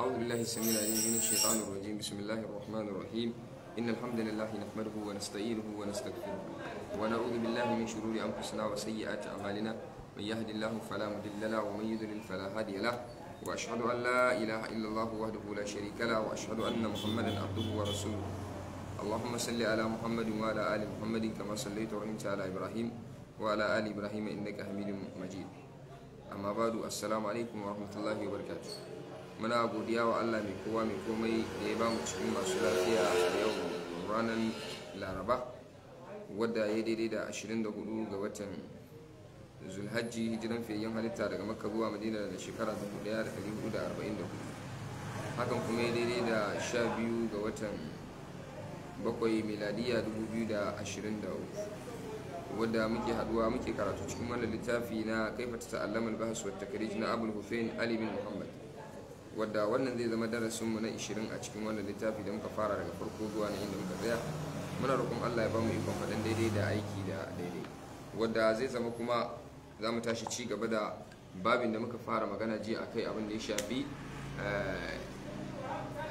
أعوذ بالله السميع العليم من الشيطان الرجيم بسم الله الرحمن الرحيم إن الحمد لله نحمده ونستعينه ونستغفره ونعوذ بالله من شرور أنفسنا وسيئات أعمالنا من يهد الله فلا مضل له ومن يضلل فلا هادي له وأشهد أن لا إله إلا الله وحده لا شريك له وأشهد أن محمدا عبده ورسوله اللهم صل على محمد وعلى آل محمد كما صليت وأنت على إبراهيم وعلى آل إبراهيم إنك حميد مجيد أما بعد السلام عليكم ورحمة الله وبركاته muna godiya wa Allah mai kowa mai komai da ya bamu cikin masu lafiya a yau ranar laraba wadda ya daidai da 24 ga watan zulhajji hijiran fiyayyen halitta daga makka zuwa madina da shekara 1444 hakan kuma ya daidai da 12 ga watan bakwai miladiya 2023 wadda muke haduwa muke karatu cikin wannan littafi na kaifata ta'allamar bahas wa takarij na abul hufain alimin muhammad wadda wannan zai zama darasinmu na 20 a cikin wannan littafi da muka fara daga farko zuwa na inda muka tsaya muna roƙon Allah ya ba mu ikon faɗin daidai da aiki da daidai wadda zai zama kuma za mu tashi ci gaba da babin da muka fara magana jiya kai abin da ya shafi eh,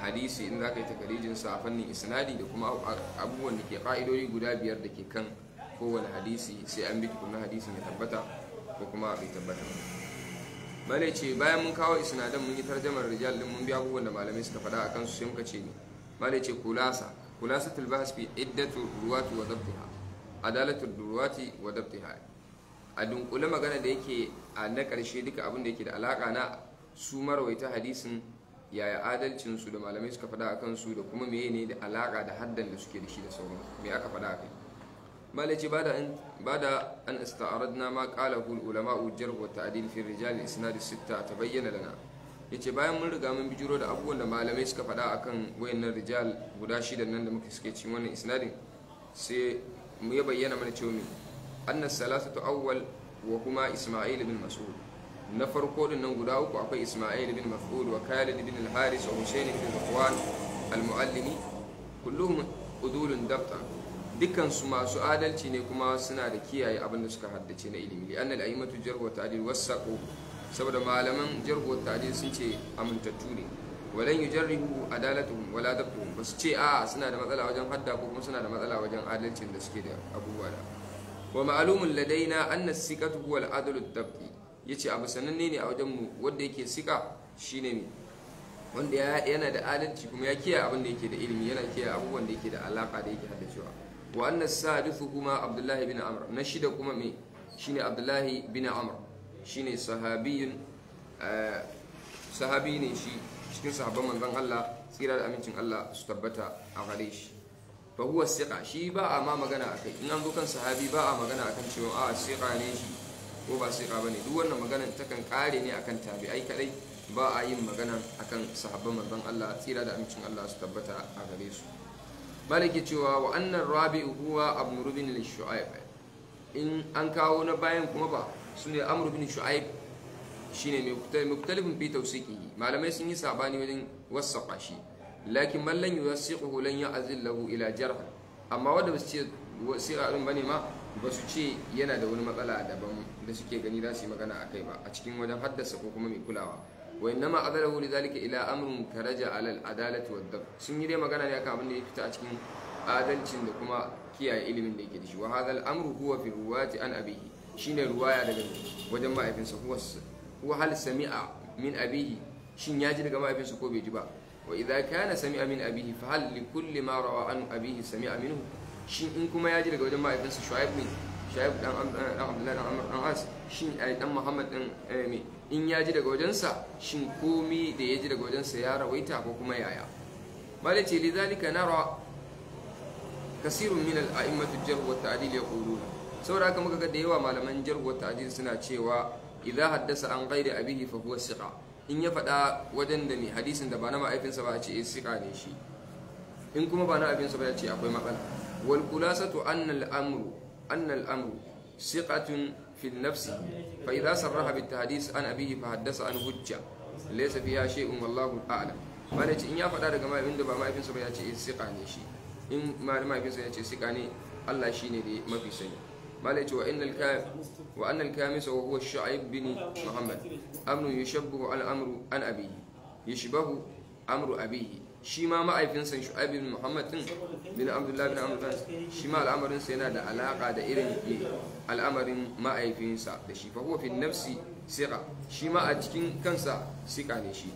hadisi in za ka yi takarijin sa a fannin isnadi da kuma abubuwan da ke ka'idodi guda biyar da ke kan kowane hadisi sai an bi tukunan hadisin ya tabbata ko kuma bai tabbata ba bane ce bayan mun kawo isnadan mun yi tarjamar rijal din mun bi abubuwan da malamai suka faɗa akan su sai muka ce ne bane ce kulasa kulasatul bahs fi iddatu ruwati wa dabtiha adalatu ruwati wa dabtiha a dunkule magana da yake a na ƙarshe duka abin da yake da alaka na su marwaita hadisin yaya adalcin su da malamai suka faɗa akan su da kuma meye ne da alaka da haddan da suke da shi da sauran me aka faɗa akai malaci bada an ista'aradna ma qala hul ulama ujar wa ta'dil fi rijal isnad sitta tabayyana lana yace bayan mun riga mun bijiro da abubuwan da malamai suka faɗa akan wayannan rijal guda shida nan da muka suke cikin wannan isnadin sai mu ya bayyana mana cewa me anna salasatu awwal wa kuma isma'il bin mas'ud na farko din nan guda uku akwai isma'il bin mas'ud wa khalid bin al-haris wa husayn bin al-qwan al-muallimi kulluhum udulun dabta dukansu masu adalci ne kuma suna da kiyaye abin da suka haddace na ilimi li annal aimatu jarh wa ta'dil wasaqu saboda malaman jarh wa ta'dil sun ce amintattu ne walan yujarrihu adalatuhum wala dabtuhum basu ce a suna da matsala wajen hadda ko kuma suna da matsala wajen adalcin da suke da abubuwa da wa ma'lumun ladaina anna sikatu huwa al dabti yace abu sananne ne a wajen mu wanda yake sika shine ne wanda yana da adalci kuma ya kiyaye abin da yake da ilimi yana kiyaye abubuwan da yake da alaka da yake haddacewa wa anna sadisu kuma abdullahi bin amr na shida kuma me shine abdullahi bin amr shine sahabiyin eh, sahabi ne shi cikin sahabban manzon Allah tsira da amincin Allah su tabbata a gare shi fa huwa siqa shi ba a ma magana akai in an zo sahabi ba a magana akan cewa a siqa ne shi ko ba siqa bane duk wannan magana ta kan kare ne akan tabi'ai kadai ba a yin magana akan sahabban manzon Allah tsira da amincin Allah su tabbata a gare su ke cewa wa'annan rabi'u huwa amru bin shu'aib in an kawo na bayan kuma ba sune amru bin shu'aib shine mai muktalifin fi tawsiqihi malamai sun yi sabani wajen wasaqa shi lakin man lan yuwasiquhu lan ya'zil ila jarh amma wanda ba su ce wasiqa din bane ma ba su ce yana da wani matsala daban da suke gani za su yi magana akai ba a cikin wajen haddasa ko kuma mai kulawa wa innama adalahu lidhalika ila amrun karaja ala al-adalati wad-dab sun yi dai magana ne akan abin da ya fita a cikin adalcin da kuma kiyaye ilimin da yake da shi wa hadha al-amru huwa fi ruwati an ruwaya daga wajen ma'aifinsa huwa hal sami'a min abihi shin ya ji daga ma'aifinsa ko bai ji ba wa idza kana sami'a min fa hal an shin in kuma ya ji daga wajen ma'aifinsa shaib dan eh, abdullahi dan amr dan as shi ai eh, dan muhammad din eh, me in ya ji daga wajensa shin komi da ya ji daga wajensa ya rawaita ko kuma yaya malai ce lidhalika nara kasirun min al-a'immatu jarh wa ta'dil yaquluna saboda haka muka ga da yawa malaman jarh wa ta'dil suna cewa idza haddasa an ghairi abihi fa huwa siqa in ya faɗa wajen da ne hadisin da ba na ma'aifinsa ba a ce siqa ne shi in kuma ba na abinsa ba ya ce akwai matsala wal khulasatu anna al-amru أن الأمر ثقة في النفس فإذا صرح بالتحديث عن أبيه فحدث عن هجة ليس فيها شيء والله أعلم mana ce in ya faɗa daga mahaifinsa ba mahaifinsa ba ya ce siƙa ne shi in mahaifinsa ya ce siƙa ne Allah shi ne da mafi sani malai ce wa annal wa huwa sha'ib bin muhammad amru yushabbu al an abihi yushbahu amru abihi shi ma ma'aifinsa shu'aib bin muhammad din bin abdullah bin amr shi ma al'amarin sa yana da alaka da irin eh, al'amarin ma'aifinsa da shi fa huwa fi nafsi siqa shi ma a cikin kansa siqa ne shi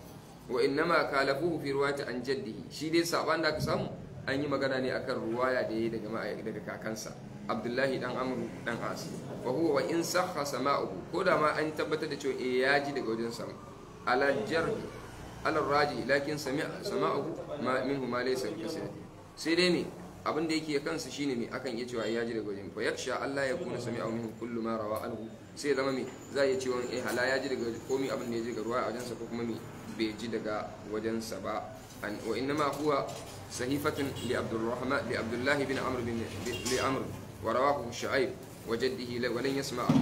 wa innama kalafuhu fi riwayati an jaddihi shi dai saban da ka samu an yi magana ne akan ruwaya da yayi daga daga kakansa abdullahi dan amru dan as wa huwa wa in sahha sama'uhu ko da ma an tabbatar da cewa eh ya ji daga wajen sa ala jarhi alar raji lakin sama'ahu ma minhu ma laysa bi sai dai me abin da yake kansa shine me akan iya cewa yaji ji daga wajen fa yaksha Allah ya kuna sami'ahu minhu kullu ma rawa anhu sai zama me za ya ce wani eh hala ya ji daga komai abin da ya ji daga ruwa a wajensa ko kuma me bai ji daga wajen sa ba an wa innama huwa sahifatun li abdurrahman li abdullah bin amr bin li amr wa rawahu shu'aib wa jaddihi wa lan yasma'ahu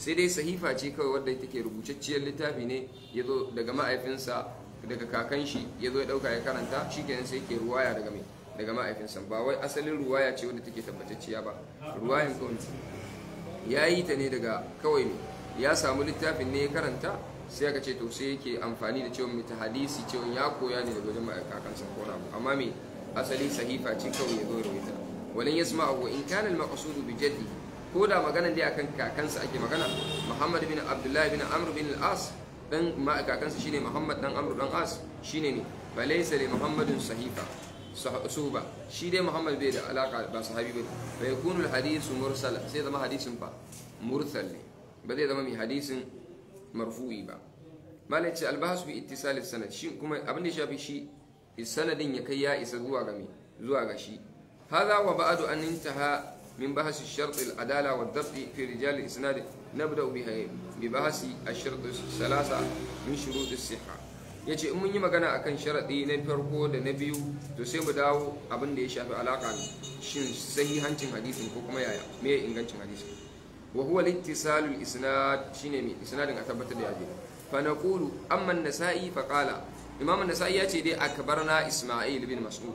sai dai sahifa ce kawai wadda take rubutacciyar littafi ne ya zo daga ma'aifinsa daga kakan shi ya zo ya dauka ya karanta shi kenan sai ke ruwaya daga mai daga ma'aikinsa ba wai asalin ruwaya ce wadda take tabbatacciya ba ruwayan kawai ya yi ta ne daga kawai mai ya samu littafin ne ya karanta sai aka ce to sai yake amfani da cewa mita hadisi cewa ya koya ne daga wajen ma'aikakansa ko na amma mai asali sahifa ce kawai ya zo ya rawaita walin yasma abu in kana al-maqsudu bi jaddi ko da magana dai akan kakansa ake magana muhammad bin abdullahi bin amr bin al-as dan kakansa shine Muhammad dan Amr dan As shine ne falaysa li Muhammadin sahifa suhba shi dai Muhammad bai da alaka ba sahabi Bai fa yakunu alhadithu mursala sai zama hadisin ba. mursal ne ba zai zama mai hadisin marfu'i ba malai ce albahas bi ittisal sanad shi kuma abin da shafi shi sanadin ya kai ya isa zuwa ga me zuwa ga shi hadha wa ba'du an intaha من بحث الشرط العدالة والضبط في رجال الإسناد نبدأ بها ببحث الشرط الثلاثة من شروط الصحة yace in mun yi magana akan sharaɗi na farko da na biyu to sai mu dawo abin da ya shafi alaƙa shin sahihancin hadisin ko kuma yaya me ingancin hadisin wa huwa littisalul isnad shine me isnadin a tabbatar da yaje fa naqulu amma an-nasa'i fa qala imam an-nasa'i yace dai akbarna isma'il bin mas'ud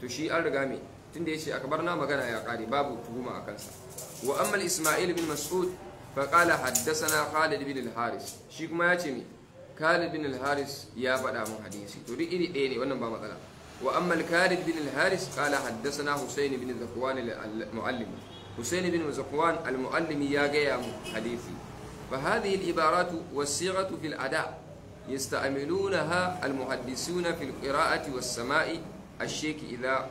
to shi an riga me Tun da ya tunda bar na magana ya kare babu tuhuma a kansa wa amma isma'il bin mas'ud fa qala haddathana khalid bin al-haris shi kuma ce mi khalid bin al-haris ya faɗa mun hadisi to duk iri ɗaya ne wannan ba matsala wa amma khalid bin al-haris qala haddathana husayn bin zakwan al-muallim husayn bin zakwan al-muallim ya gaya mu hadisi fa hadhihi al-ibarat was-sighatu al ada يستعملونها المحدثون في القراءة والسماء الشيك إذا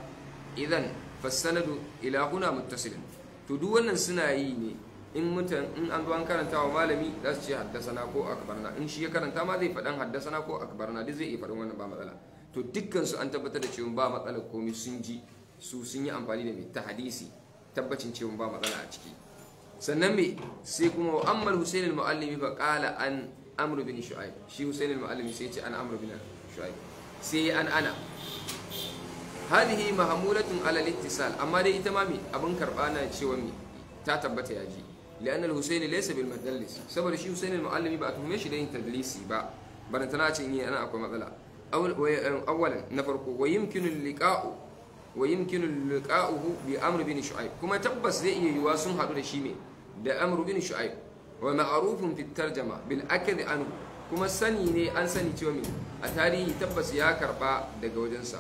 idan fasanadu ila huna muttasilin to duk wannan suna yi ne in mutan in an zo an karanta wa malami za su ce haddasana ko akbarna in shi ya karanta ma zai faɗan haddasana ko akbarna duk zai iya faɗin wannan ba matsala to dukkan su an tabbatar da cewa ba matsala komai sun ji su sun yi amfani da mai ta hadisi tabbacin cewa ba matsala a ciki sannan me sai kuma wa ammal husain al-muallimi fa qala an amr bin shu'aib shi husain al-muallimi sai ce an amr bin shu'aib sai an ana hadihi mahmulatun ala al amma dai ita ma mi abin karba na cewa mi ta tabbata ya ji lian al-husaini laysa bil saboda shi husaini al ba a tuhume shi da yin tadlisi ba bana tana ce in ana akwai matsala eh, awwalan na farko wa yumkinu liqa'u wa yumkinu liqa'uhu bi amr bin shu'aib kuma tabbas zai iya yiwa sun hadu da shi ne da amr bin shu'aib wa ma'rufun fi tarjama bil akd anhu kuma sani ne an sani cewa mi a tarihi tabbas ya karba daga wajensa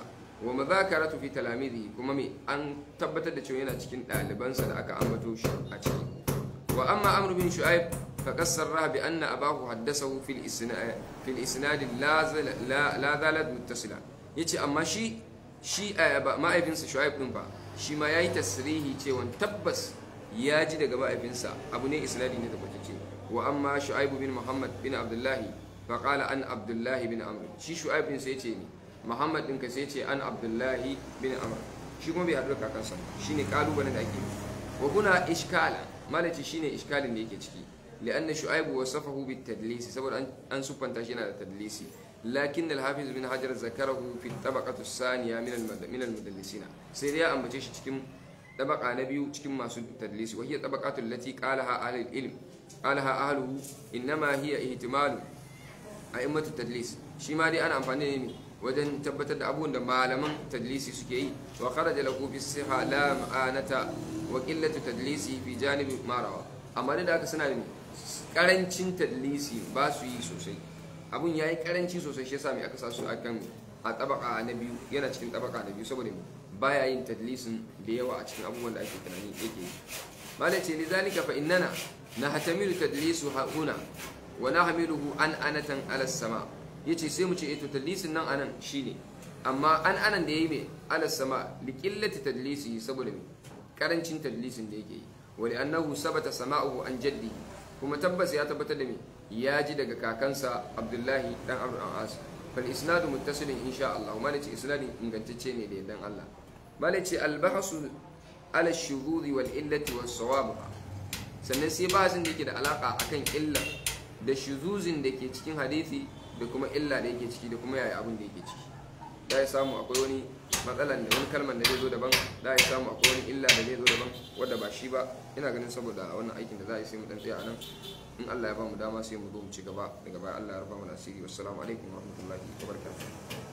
wa mazakaratu fi talamizi kuma me an tabbatar da cewa yana cikin ɗalibansa da aka ambato shi a ciki wa amma amru bin shu'aib fa qassara bi anna abahu haddasa fil isnad fil isnad la zalad muttasila yace amma shi shi eh, ma'aifinsa shu'aib din fa shi ma yayi tasrihi cewa tabbas ya ji daga ma'aifinsa abu ne isnadi ne tabbatacce wa amma shu'aib bin muhammad bin abdullahi fa qala an abdullahi bin amru shi shu'aib din sai yace ni muhammad ɗinka sai ce an abdullahi bin amr shi kuma bai haɗu da kakansa shi ne ƙalubalen da ake wa huna ishkala malaci shi ne ishkalin da yake ciki na shu'aibu wasafahu bit tadlisi saboda an siffanta shi yana da tadlisi lakin al-hafiz bin hajar zakarahu fi tabaqatu saniya min al-min al-mudallisina sai dai ya ambace shi cikin tabaqa na biyu cikin masu tadlisi wa hiya tabaqatu allati qalaha ahlul ilm qalaha ahluhu inma hiya ihtimalu a'immatu tadlis shi ma dai ana amfani ne wajen tabbatar da abubuwan da malaman tadlisi suke yi wa da lahu fi siha la ma'anata wa tadlisi fi janibi marawa amma da haka suna karancin tadlisi ba su yi sosai abun yayi karanci sosai shi yasa mai aka sa su akan a tabaka na biyu yana cikin tabaka na biyu saboda baya yin tadlisin da yawa a cikin abubuwan da ake tunani yake yi malai ce lizalika fa innana nahtamilu tadlisu hauna wa nahmiluhu an anatan alasama. sama' yace sai mu ce eh to tadlisin nan anan shine amma an anan da ya yi ala sama li tadlisi saboda mai karancin tadlisin da yake yi wani annahu sabata sama'uhu an jaddi kuma tabbas ya tabbatar da mai ya ji daga kakansa Abdullahi dan Amr al fal isnadu muttasilin insha Allah kuma ne ce ingantacce ne da yardan Allah malai ce al ala shuhuri wal illati was sawab sannan sai bahasin da yake da alaka akan illa da shuzuzin da ke cikin hadisi da kuma illa da yake ciki da kuma yaya abin da yake ciki da ya samu akwai wani matsalan da wani kalman da zai zo daban da a samu akwai wani illa da zai zo daban wadda ba shi ba ina ganin saboda wannan aikin da za a yi sai mu dan tsaya a nan in Allah ya ba mu dama sai mu zo mu ci gaba daga baya Allah ya rufa mu asiri wassalamu alaikum warahmatullahi wabarakatuh